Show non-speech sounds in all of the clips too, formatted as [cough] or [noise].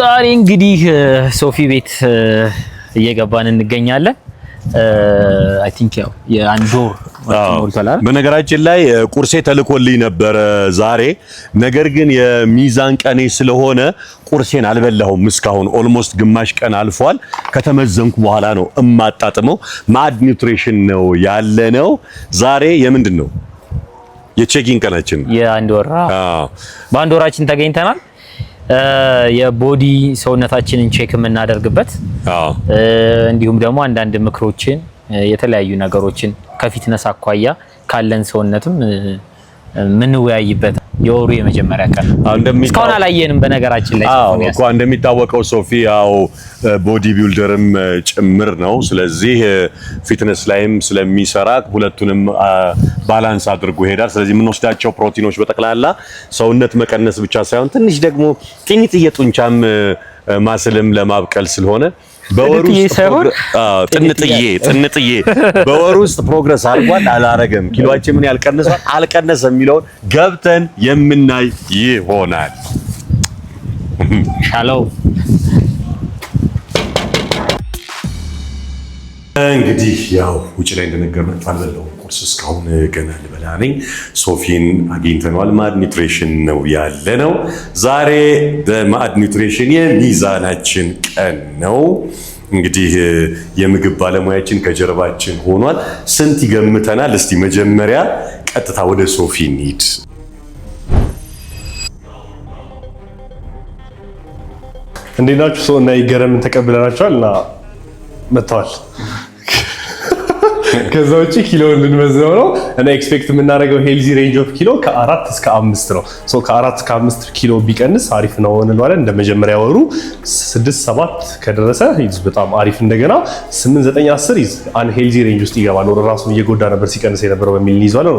ዛሬ እንግዲህ ሶፊ ቤት እየገባን እንገኛለን። አይ ቲንክ ያው የአንድ ወር በነገራችን ላይ ቁርሴ ተልኮልኝ ነበረ ዛሬ። ነገር ግን የሚዛን ቀኔ ስለሆነ ቁርሴን አልበላሁም እስካሁን። ኦልሞስት ግማሽ ቀን አልፏል። ከተመዘንኩ በኋላ ነው እማጣጥመው። ማድ ኒውትሪሽን ነው ነው። ዛሬ። የምንድን ነው የቼኪንግ ቀናችን፣ የአንድ ወር በአንድ ወራችን ተገኝተናል። የቦዲ ሰውነታችንን ቼክ የምናደርግበት እንዲሁም ደግሞ አንዳንድ ምክሮችን የተለያዩ ነገሮችን ከፊትነስ አኳያ ካለን ሰውነትም ምንወያይበት የወሩ የመጀመሪያ ቀን እስካሁን አላየንም። በነገራችን ላይ እኮ እንደሚታወቀው ሶፊ ያው ቦዲ ቢልደርም ጭምር ነው። ስለዚህ ፊትነስ ላይም ስለሚሰራ ሁለቱንም ባላንስ አድርጎ ይሄዳል። ስለዚህ የምንወስዳቸው ፕሮቲኖች በጠቅላላ ሰውነት መቀነስ ብቻ ሳይሆን ትንሽ ደግሞ ቅኝት እየጡንቻም ማስልም ለማብቀል ስለሆነ በወሩ ጥንጥዬ ጥንጥዬ በወሩ ውስጥ ፕሮግረስ አድርጓል አላረገም፣ ኪሎአችን ምን ያህል ቀንሷል አልቀነሰም የሚለውን ገብተን የምናይ ይሆናል። ሻለው እንግዲህ ያው ውጭ ላይ እንደነገርናችሁ አልበለውም ቁርስ እስካሁን ገና ልበላ ነኝ። ሶፊን አግኝተነዋል። ማድ ኒውትሪሽን ነው ያለ ነው። ዛሬ በማድ ኒውትሪሽን የሚዛናችን ቀን ነው። እንግዲህ የምግብ ባለሙያችን ከጀርባችን ሆኗል። ስንት ይገምተናል? እስቲ መጀመሪያ ቀጥታ ወደ ሶፊ እንሂድ። እንዴት ናችሁ? ሰው እና ይገረምን ተቀብለናቸዋል እና መጥተዋል። [laughs] ከዛ ውጭ ኪሎ ልንመዝነው ነው እና ኤክስፔክት የምናደርገው ሄልዚ ሬንጅ ኦፍ ኪሎ ከአራት እስከ አምስት ነው። ከአራት እስከ አምስት ኪሎ ቢቀንስ አሪፍ ነው እንለዋለን። እንደ መጀመሪያ ወሩ ስድስት ሰባት ከደረሰ በጣም አሪፍ፣ እንደገና ስምንት ዘጠኝ አስር ሄልዚ ሬንጅ ውስጥ ይገባል። ራሱን እየጎዳ ነበር ሲቀንስ የነበረው በሚል እንይዘዋለን።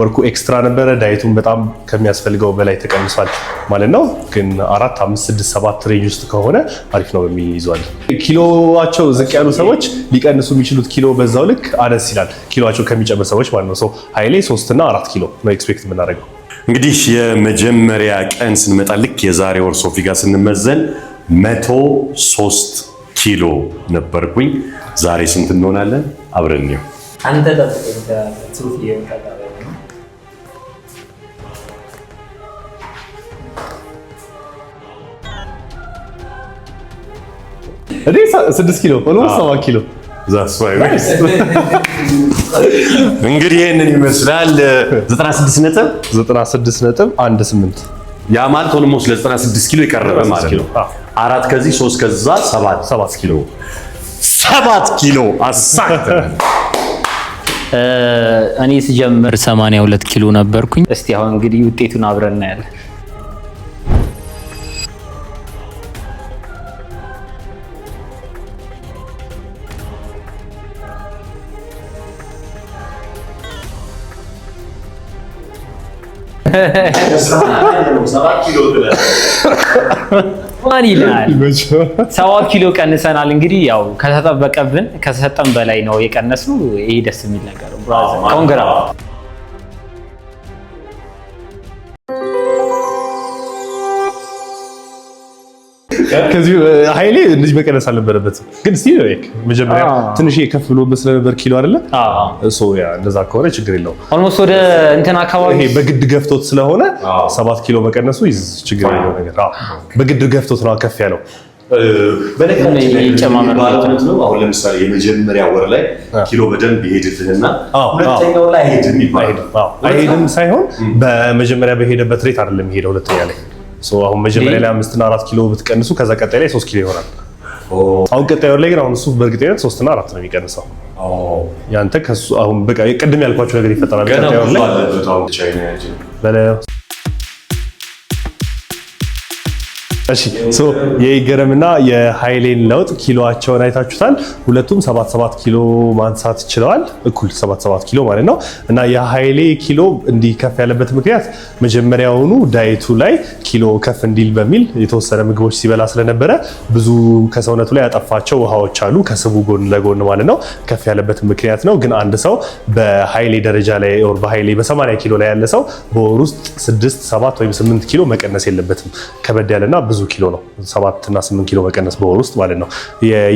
ወርኩ ኤክስትራ ነበረ፣ ዳይቱን በጣም ከሚያስፈልገው በላይ ተቀንሷል ማለት ነው። ግን አራት አምስት ስድስት ሰባት ሬንጅ ውስጥ ከሆነ አሪፍ ነው በሚል እንይዘዋለን። ኪሎዋቸው ዝቅ ያሉ ሰዎች ሊቀንሱ የሚችሉት ኪሎ በዛው ልክ ደስ ይላል ኪሎቸው ከሚጨምር ሰዎች ማለት ነው። ሰው ሀይሌ እና አራት ኪሎ ነው ኤክስፔክት የምናደርገው። እንግዲህ የመጀመሪያ ቀን ስንመጣ ልክ የዛሬ ወር ሶፊ ጋር ስንመዘን መቶ ሶስት ኪሎ ነበርኩኝ። ዛሬ ስንት እንሆናለን? አብረን ነው አንተ ስድስት ኪሎ ሰባት ኪሎ [laughs] እንግዲህ ይህንን ይመስላል። 96 ነጥብ 96 ነጥብ 18 ያ ማለት 96 ኪሎ የቀረበ ማለት ነው። አራት ከዚህ ሶስት ከዛ ሰባት ሰባት ኪሎ ሰባት ኪሎ አሳክተናል። እኔ ስጀምር 82 ኪሎ ነበርኩኝ። እስቲ አሁን እንግዲህ ውጤቱን አብረን እናያለን። [laughs] ማን ይላል ሰባት ኪሎ ቀንሰናል። እንግዲህ ያው ከተጠበቀብን ከሰጠን በላይ ነው የቀነሱ። ይሄ ደስ የሚል ነገር ብራዘር ኮንግራ ከዚህ ኃይሌ እንደዚህ መቀነስ አልነበረበትም፣ ግን እስቲ መጀመሪያ ትንሽ ከፍ ብሎበት ስለነበር ኪሎ አይደለ? እሱ ያ እንደዛ ከሆነ ችግር የለው። ኦልሞስት ወደ እንትን አካባቢ በግድ ገፍቶት ስለሆነ ሰባት ኪሎ መቀነሱ ችግር የለው ነገር። አዎ፣ በግድ ገፍቶት ነው ከፍ ያለው። በነጨማመርባለነት ነው። አሁን ለምሳሌ የመጀመሪያ ወር ላይ ኪሎ በደንብ ይሄድልህና ሁለተኛው ላይ አይሄድም ይባላል። አይሄድም ሳይሆን በመጀመሪያ በሄደበት ሬት አይደለም ይሄደ ሁለተኛ ላይ አሁን መጀመሪያ ላይ አምስትና አራት ኪሎ ብትቀንሱ ከዛ ቀጣይ ላይ ሶስት ኪሎ ይሆናል። አሁን ቀጣይ ወር ላይ ግን አሁን እሱ በእርግጠኝነት ሶስትና አራት ነው የሚቀንሰው። ያንተ ከሱ አሁን በቃ ቅድም ያልኳቸው ነገር ይፈጠራል ቀጣይ ወር ላይ እሺ ሶ የይገረምና የኃይሌን ለውጥ ኪሎአቸውን አይታችሁታል። ሁለቱም 77 ኪሎ ማንሳት ችለዋል፣ እኩል 77 ኪሎ ማለት ነው። እና የኃይሌ ኪሎ እንዲህ ከፍ ያለበት ምክንያት መጀመሪያውኑ ዳይቱ ላይ ኪሎ ከፍ እንዲል በሚል የተወሰነ ምግቦች ሲበላ ስለነበረ ብዙ ከሰውነቱ ላይ ያጠፋቸው ውሃዎች አሉ፣ ከስቡ ጎን ለጎን ማለት ነው። ከፍ ያለበት ምክንያት ነው። ግን አንድ ሰው በኃይሌ ደረጃ ላይ ኦር በኃይሌ በ80 ኪሎ ላይ ያለ ሰው በወር ውስጥ 6 7 ወይም 8 ኪሎ መቀነስ የለበትም። ከበድ ያለና ብዙ ኪሎ ነው፣ ሰባት እና ስምንት ኪሎ መቀነስ በወር ውስጥ ማለት ነው።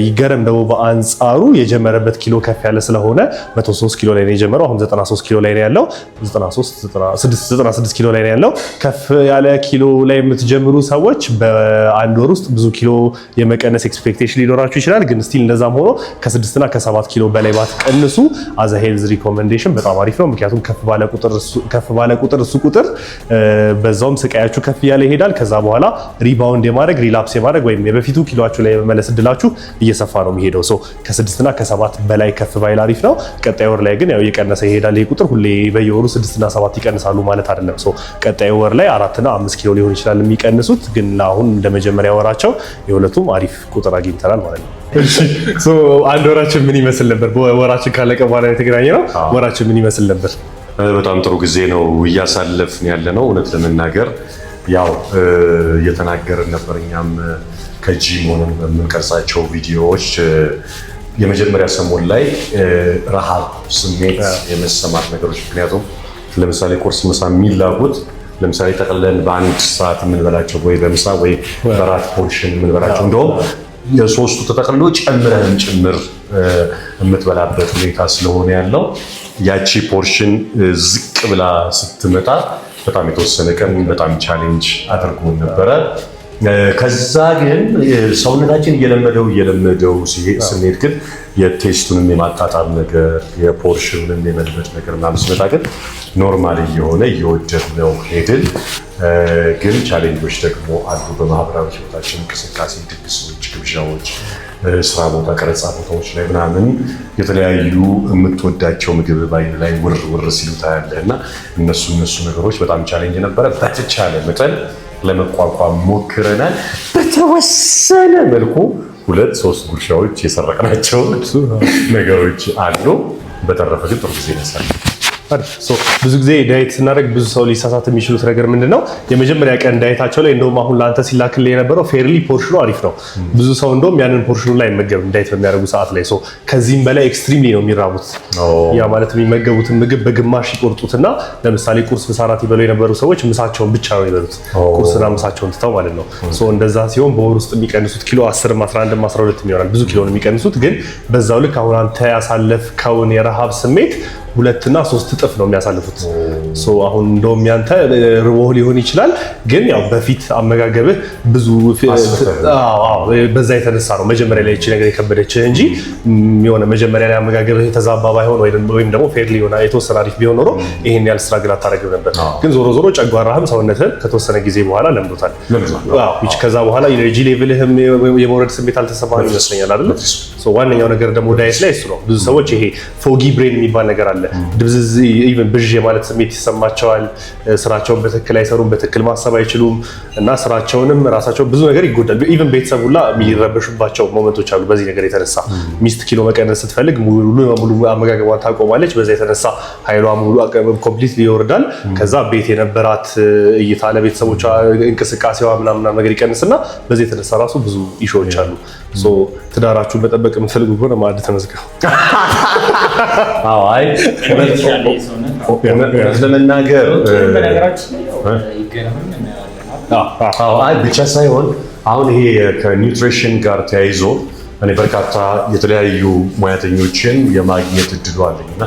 ይገረም ደግሞ በአንጻሩ የጀመረበት ኪሎ ከፍ ያለ ስለሆነ 103 ኪሎ ላይ ነው የጀመረው። አሁን 93 ኪሎ ላይ ነው ያለው። 96 ኪሎ ላይ ነው ያለው። ከፍ ያለ ኪሎ ላይ የምትጀምሩ ሰዎች በአንድ ወር ውስጥ ብዙ ኪሎ የመቀነስ ኤክስፔክቴሽን ሊኖራችሁ ይችላል። ግን ስቲል እንደዛም ሆኖ ከስድስት እና ከሰባት ኪሎ በላይ ባትቀንሱ አዘ ሄልዝ ሪኮመንዴሽን በጣም አሪፍ ነው። ምክንያቱም ከፍ ባለ ቁጥር እሱ ቁጥር በዛውም ስቃያችሁ ከፍ እያለ ይሄዳል። ከዛ በኋላ ሪባ ሪባውንድ የማድረግ ሪላፕስ የማድረግ ወይም የበፊቱ ኪሎችሁ ላይ የመመለስ እድላችሁ እየሰፋ ነው የሚሄደው። ሰው ከስድስትና ከሰባት በላይ ከፍ ባይል አሪፍ ነው። ቀጣይ ወር ላይ ግን ያው እየቀነሰ ይሄዳል። ይህ ቁጥር ሁሌ በየወሩ ስድስትና ሰባት ይቀንሳሉ ማለት አይደለም። ሰው ቀጣይ ወር ላይ አራትና አምስት ኪሎ ሊሆን ይችላል የሚቀንሱት፣ ግን አሁን እንደ መጀመሪያ ወራቸው የሁለቱም አሪፍ ቁጥር አግኝተናል ማለት ነው። አንድ ወራችን ምን ይመስል ነበር? ወራችን ካለቀ በኋላ የተገናኘ ነው። ወራችን ምን ይመስል ነበር? በጣም ጥሩ ጊዜ ነው እያሳለፍን ያለ ነው እውነት ለመናገር ያው እየተናገርን ነበር። እኛም ከጂም ሆነን የምንቀርጻቸው ቪዲዮዎች የመጀመሪያ ሰሞን ላይ ረሃብ፣ ስሜት የመሰማት ነገሮች ምክንያቱም ለምሳሌ ቁርስ፣ ምሳ የሚላጉት ለምሳሌ ጠቅለን በአንድ ሰዓት የምንበላቸው ወይ በምሳ ወይ በራት ፖርሽን የምንበላቸው እንደውም የሶስቱ ተጠቅሎ ጨምረንም ጭምር የምትበላበት ሁኔታ ስለሆነ ያለው ያቺ ፖርሽን ዝቅ ብላ ስትመጣ በጣም የተወሰነ ቀን በጣም ቻሌንጅ አድርጎን ነበረ። ከዛ ግን ሰውነታችን እየለመደው እየለመደው ስንሄድ ግን የቴስቱንም የማጣጣም ነገር የፖርሽኑንም የመልመድ ነገር ምናምን ስመጣ ግን ኖርማል እየሆነ እየወደድነው ሄድን። ግን ቻሌንጆች ደግሞ አሉ በማህበራዊ ህይወታችን እንቅስቃሴ፣ ድግሶች፣ ግብዣዎች ስራ ቦታ፣ ቀረጻ ቦታዎች ላይ ምናምን የተለያዩ የምትወዳቸው ምግብ ባይን ላይ ውር ውር ሲሉ ታያለህ እና እነሱ እነሱ ነገሮች በጣም ቻሌንጅ ነበረ። በተቻለ መጠን ለመቋቋም ሞክረናል። በተወሰነ መልኩ ሁለት ሶስት ጉርሻዎች የሰረቅናቸው ነገሮች አሉ። በተረፈ ግን ጥሩ ጊዜ ነሳል። ብዙ ጊዜ ዳይት ስናደርግ ብዙ ሰው ሊሳሳት የሚችሉት ነገር ምንድን ነው? የመጀመሪያ ቀን ዳይታቸው ላይ እንደውም አሁን ለአንተ ሲላክልህ የነበረው ፌርሊ ፖርሽኑ አሪፍ ነው። ብዙ ሰው እንደውም ያንን ፖርሽኑ ላይ አይመገብም ዳይት በሚያደርጉ ሰዓት ላይ ከዚህም በላይ ኤክስትሪምሊ ነው የሚራቡት። ያ ማለት የሚመገቡትን ምግብ በግማሽ ይቆርጡትና ለምሳሌ ቁርስ፣ ምሳ፣ እራት ይበሉ የነበሩ ሰዎች ምሳቸውን ብቻ ነው የሚበሉት፣ ቁርስና ምሳቸውን ትተው ማለት ነው። እንደዛ ሲሆን በወር ውስጥ የሚቀንሱት ኪሎ 10፣ 11፣ 12 ይሆናል። ብዙ ኪሎ ነው የሚቀንሱት። ግን በዛው ልክ አሁን አንተ ያሳለፍከውን የረሃብ ስሜት ሁለትና ሶስት እጥፍ ነው የሚያሳልፉት። አሁን እንደውም ያንተ ርቦህ ሊሆን ይችላል፣ ግን ያው በፊት አመጋገብህ ብዙ በዛ የተነሳ ነው መጀመሪያ ላይ ይቺ ነገር የከበደችህ እንጂ የሆነ መጀመሪያ ላይ አመጋገብህ የተዛባ ባይሆን ወይም ደግሞ ፌርሊ ሆና የተወሰነ አሪፍ ቢሆን ኖሮ ይህን ያህል ስራ ግን አታደርግም ነበር። ግን ዞሮ ዞሮ ጨጓራህም ሰውነትህም ከተወሰነ ጊዜ በኋላ ለምዶታል። ከዛ በኋላ ኢነርጂ ሌቭልህም የመውረድ ስሜት አልተሰማህም ይመስለኛል አይደለ? ዋነኛው ነገር ደግሞ ዳየት ላይ እሱ ነው። ብዙ ሰዎች ይሄ ፎጊ ብሬን የሚባል ነገር አለ ድብዝዝ ኢቨን ብዥ የማለት ስሜት ይሰማቸዋል። ስራቸውን በትክክል አይሰሩም፣ በትክክል ማሰብ አይችሉም እና ስራቸውንም ራሳቸው ብዙ ነገር ይጎዳል። ኢቨን ቤተሰብ ሁላ የሚረበሹባቸው ሞመንቶች አሉ። በዚህ ነገር የተነሳ ሚስት ኪሎ መቀነስ ስትፈልግ ሙሉ በሙሉ አመጋገቧን ታቆማለች። በዛ የተነሳ ኃይሏ ሙሉ ኮምፕሊት ይወርዳል። ከዛ ቤት የነበራት እይታ ለቤተሰቦቿ እንቅስቃሴዋ ምናምና ነገር ይቀንስና በዚህ የተነሳ ራሱ ብዙ ኢሾዎች አሉ። ትዳራችሁን መጠበቅ የምትፈልጉ ከሆነ ማዕድ ተመዝገቡ። አይ ለመናገር ብቻ ሳይሆን አሁን ይሄ ከኒውትሪሽን ጋር ተያይዞ እኔ በርካታ የተለያዩ ሙያተኞችን የማግኘት እድሉ አለኝ እና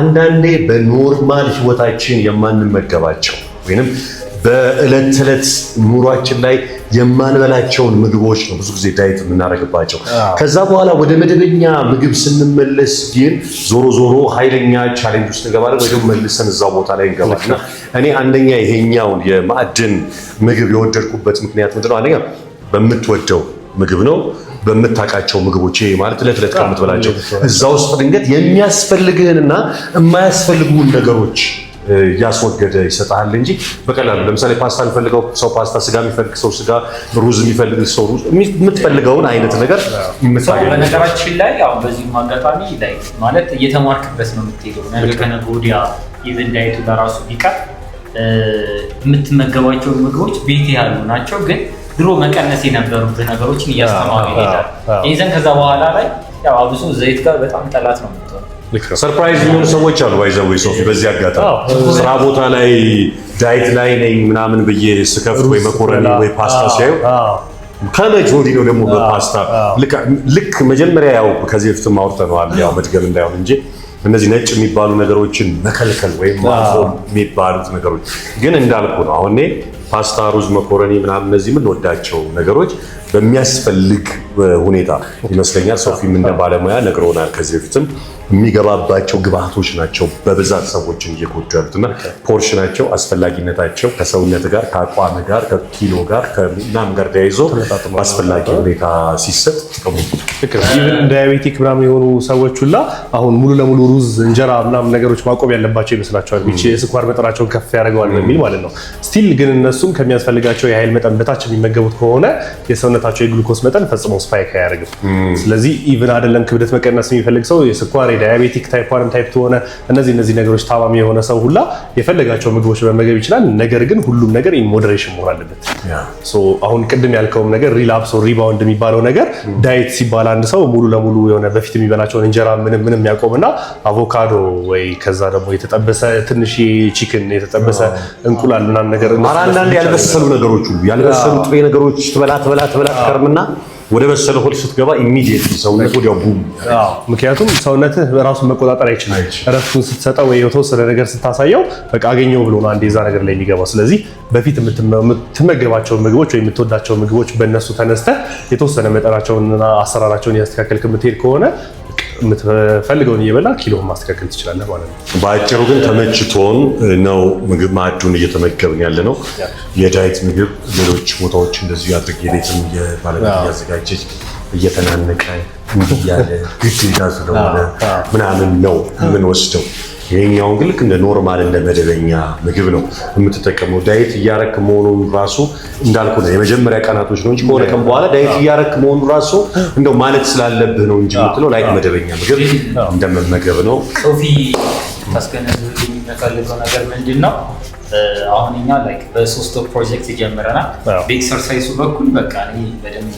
አንዳንዴ በኖርማል ህይወታችን የማንመገባቸው ወይም በዕለት ተዕለት ኑሯችን ላይ የማንበላቸውን ምግቦች ነው ብዙ ጊዜ ዳይት የምናደርግባቸው። ከዛ በኋላ ወደ መደበኛ ምግብ ስንመለስ ግን ዞሮ ዞሮ ኃይለኛ ቻሌንጅ ውስጥ እንገባለን ወይ መልሰን እዛው ቦታ ላይ እንገባልና እኔ አንደኛ ይሄኛውን የማዕድን ምግብ የወደድኩበት ምክንያት ምንድነው? አንደኛ በምትወደው ምግብ ነው በምታውቃቸው ምግቦች ማለት ዕለት ዕለት ከምትበላቸው እዛ ውስጥ ድንገት የሚያስፈልግህንና የማያስፈልጉን ነገሮች እያስወገደ ይሰጣል እንጂ በቀላሉ ለምሳሌ ፓስታ የሚፈልገው ሰው ፓስታ፣ ስጋ የሚፈልግ ሰው ስጋ፣ ሩዝ የሚፈልግ ሰው ሩዝ፣ የምትፈልገውን አይነት ነገር የምታገኝ። በነገራችን ላይ አሁን በዚህም አጋጣሚ ላይ ማለት እየተማርክበት ነው የምትሄደው። ነገ ከነገ ወዲያ ኢቨን ዳይቱ ለራሱ ቢቀር የምትመገባቸውን ምግቦች ቤት ያሉ ናቸው ግን ድሮ መቀነስ የነበሩብህ ነገሮችን እያስተማሩ ይሄዳል። ይዘን ከዛ በኋላ ላይ ያው አብሶ ዘይት ጋር በጣም ጠላት ነው። ሰርፕራይዝ የሆኑ ሰዎች አሉ። ባይዘዌ ሶፊ፣ በዚህ አጋጣሚ ስራ ቦታ ላይ ዳይት ላይ ነኝ ምናምን ብዬ ስከፍት ወይ መኮረኒ ወይ ፓስታ ሲያዩ ከመች ወዲህ ነው ደግሞ በፓስታ ልክ መጀመሪያ ያው ከዚህ በፊት አውርተነዋል። ያው መድገም እንዳይሆን እንጂ እነዚህ ነጭ የሚባሉ ነገሮችን መከልከል ወይም የሚባሉት ነገሮች ግን እንዳልኩ ነው አሁን ፓስታ፣ ሩዝ፣ መኮረኒ ምናምን እነዚህ የምንወዳቸው ነገሮች በሚያስፈልግ ሁኔታ ይመስለኛል። ሶፊም እንደ ባለሙያ ነግሮናል ከዚህ በፊትም የሚገባባቸው ግብአቶች ናቸው በብዛት ሰዎችን እየጎዱ ያሉት እና ናቸው አስፈላጊነታቸው ከሰውነት ጋር ከአቋም ጋር ከኪሎ ጋር ከምናምን ጋር ተያይዞ በአስፈላጊ ሁኔታ ሲሰጥ ጥቅሙ ዳያቤቲክ ምናምን የሆኑ ሰዎች ሁላ አሁን ሙሉ ለሙሉ ሩዝ፣ እንጀራ ምናምን ነገሮች ማቆም ያለባቸው ይመስላቸዋል። የስኳር መጠናቸውን ከፍ ያደርገዋል በሚል ማለት ነው። ስቲል ግን እነሱም ከሚያስፈልጋቸው የኃይል መጠን በታች የሚመገቡት ከሆነ የሰውነታቸው የግሉኮስ መጠን ፈጽሞ ስፓይክ አያደርግም። ስለዚህ ኢቭን አይደለም ክብደት መቀነስ የሚፈልግ ሰው የስኳር ዳያቤቲክ ታይፕ ዋንም ታይፕ ሆነ እነዚህ እነዚህ ነገሮች ታማሚ የሆነ ሰው ሁላ የፈለጋቸው ምግቦች መመገብ ይችላል። ነገር ግን ሁሉም ነገር ኢንሞዴሬሽን መሆን አለበት። አሁን ቅድም ያልከውም ነገር ሪላፕስ ኦር ሪባውንድ የሚባለው ነገር ዳይት ሲባል አንድ ሰው ሙሉ ለሙሉ የሆነ በፊት የሚበላቸውን እንጀራ ምንም ምንም የሚያቆምና አቮካዶ ወይ ከዛ ደግሞ የተጠበሰ ትንሽ ቺክን የተጠበሰ እንቁላል ምናምን ነገር አንዳንድ ያልበሰሉ ነገሮች ሁሉ ያልበሰሉ ጥሬ ነገሮች ትበላ ትበላ ትበላ ትከርምና ወደ በሰለ ሆድ ስትገባ ኢሚዲየትሊ ሰውነት ወዲያው ቡም። ምክንያቱም ሰውነትህ ራሱን መቆጣጠር አይችልም። እረፍቱን ስትሰጠው ወይ የተወሰነ ነገር ስታሳየው በቃ አገኘው ብሎ ነው አንዴ እዛ ነገር ላይ የሚገባው። ስለዚህ በፊት የምትመገባቸውን ምግቦች ወይ የምትወዳቸውን ምግቦች በእነሱ ተነስተህ የተወሰነ መጠናቸውንና አሰራራቸውን ያስተካከልክ የምትሄድ ከሆነ የምትፈልገውን እየበላ ኪሎ ማስተካከል ትችላለህ ማለት ነው። በአጭሩ ግን ተመችቶን ነው ምግብ ማዕዱን እየተመገብን ያለ ነው። የዳይት ምግብ ሌሎች ቦታዎች እንደዚሁ ያድርግ የቤትም የባለቤት እያዘጋጀች እየተናነቀ እንዲያለ [laughs] ግድ ስለሆነ ምናምን ነው የምንወስደው። ይሄኛውን ግን ልክ እንደ ኖርማል እንደ መደበኛ ምግብ ነው የምትጠቀመው። ዳይት እያረክ መሆኑን ራሱ እንዳልኩ ነው የመጀመሪያ ቀናቶች ነው እንጂ ከሆነ ቀን በኋላ ዳይት እያረክ መሆኑን ራሱ እንደው ማለት ስላለብህ ነው እንጂ የምትለው ላይክ መደበኛ ምግብ እንደመመገብ ነው። ሶፊ ታስገነዝብ የሚፈልገው ነገር ምንድን ነው? አሁን እኛ ላይክ በሶስት ፕሮጀክት ጀምረናል። በኤክሰርሳይሱ በኩል በቃ በደንብ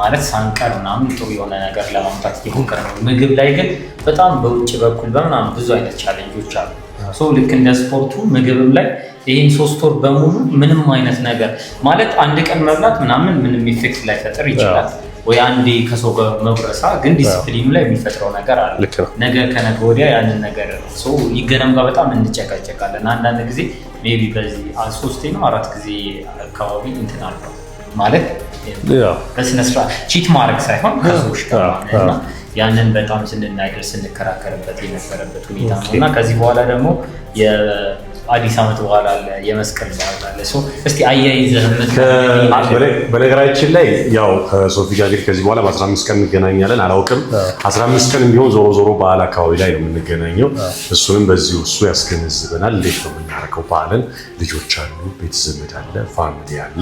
ማለት ሳንቀር ምናምን ጥሩ የሆነ ነገር ለማምጣት እየሞከረ ነው። ምግብ ላይ ግን በጣም በውጭ በኩል በምናምን ብዙ አይነት ቻለንጆች አሉ። ሰው ልክ እንደ ስፖርቱ ምግብም ላይ ይህን ሶስት ወር በሙሉ ምንም አይነት ነገር ማለት አንድ ቀን መብላት ምናምን ምንም ኢፌክት ላይ ፈጥር ይችላል ወይ አንዴ ከሰው ጋር መብረሳ፣ ግን ዲስፕሊኑ ላይ የሚፈጥረው ነገር አለ። ነገ ከነገ ወዲያ ያንን ነገር ሰው ይገረም ጋር በጣም እንጨቃጨቃለን። አንዳንድ ጊዜ ሜይ ቢ በዚህ ሶስቴ ነው አራት ጊዜ አካባቢ እንትን አልኳል ማለት በስነስርዓት ቺት ማድረግ ሳይሆን ከሰዎች ጋር ያንን በጣም ስንናገር ስንከራከርበት የነበረበት ሁኔታ ነው እና ከዚህ በኋላ ደግሞ የአዲስ ዓመት በኋላ አለ፣ የመስቀል በዓል አለ። እስቲ አያይዘህ በነገራችን ላይ ያው ሶፊ ጋር ግን ከዚህ በኋላ በ15 ቀን እንገናኛለን። አላውቅም 15 ቀን ቢሆን ዞሮ ዞሮ በዓል አካባቢ ላይ ነው የምንገናኘው። እሱንም በዚህ እሱ ያስገነዝበናል። እንዴት ነው የምናደርገው? በዓልን ልጆች አሉ፣ ቤተዘመድ አለ፣ ፋሚሊ አለ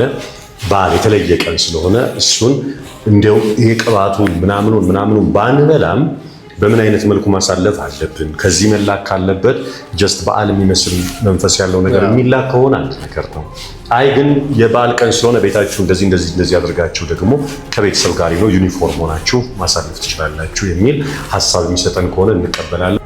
በዓል የተለየ ቀን ስለሆነ እሱን እንዲያው የቅባቱን ምናምኑን ምናምኑን ባንበላም በምን አይነት መልኩ ማሳለፍ አለብን? ከዚህ መላክ ካለበት ጀስት በዓል የሚመስል መንፈስ ያለው ነገር የሚላክ ከሆነ አንድ ነገር ነው። አይ ግን የበዓል ቀን ስለሆነ ቤታችሁ እንደዚህ እንደዚህ እንደዚህ ያደርጋችሁ ደግሞ ከቤተሰብ ጋር ነው ዩኒፎርም ሆናችሁ ማሳለፍ ትችላላችሁ የሚል ሀሳብ የሚሰጠን ከሆነ እንቀበላለን።